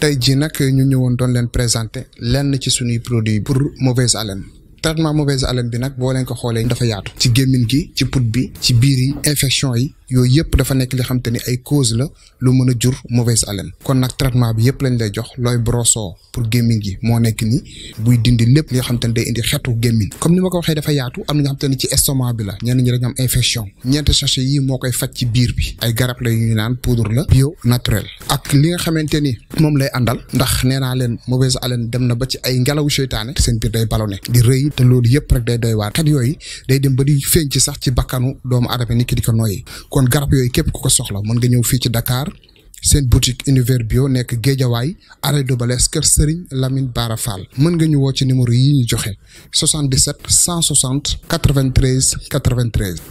tey jii nag ñu ñëwoon doon leen présenté lenn ci suñuy produit pour mauvaise haleine traitement mauvaise haleine bi nag boo leen ko xoolee dafa yaatu ci gémmiñ gi ci put bi ci biir yi infection yi yooyu yëpp dafa nekk li xam te ni ay cause la lu mën a jur mauvaise haleine kon nag traitement bi yëpp lañ lay jox looy broso pour gémmiñ gi moo nekk nii buy dindi lépp li nga xam te ne day indi xetu gémmiñ comme ni ma ko waxee dafa yaatu am na nga xam te bi la ñenn ñi dañu am infection ñeenti sachet yii moo koy faj ci biir bi ay garab la ñu naan poudre la bio naturel ak li nga xamante ni moom lay àndal ndax nee naa leen mauvaise haleine dem na ba ci ay ngelaw seytaane seen biir day ballonné di rëy te loolu yëpp rek day doy waar kat yooyu day dem ba di feeñ ci sax ci bakkanu doomu aadama nit ki di ko noyyi kon garab yooyu képp ku ko soxla mën nga ñëw fii ci dakaar seen boutique univers bio nekk Géejawaay arrêt de Balès kër Serigne Lamine Bara Fall mën nga ñëwoo ci numéro yi ñu joxe 77 160 93 93